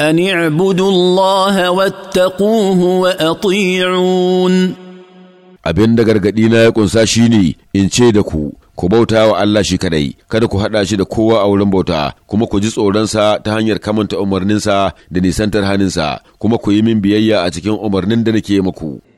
ان اعبدوا الله واتقوه واطيعون abin da gargaɗi na ya ƙunsa shine ne in ce da ku ku bauta wa Allah shi kadai kada ku haɗa shi da kowa a wurin bauta kuma ku ji tsoronsa ta hanyar kamanta umarninsa da nisantar haninsa kuma ku yi min biyayya a cikin umarnin da nake muku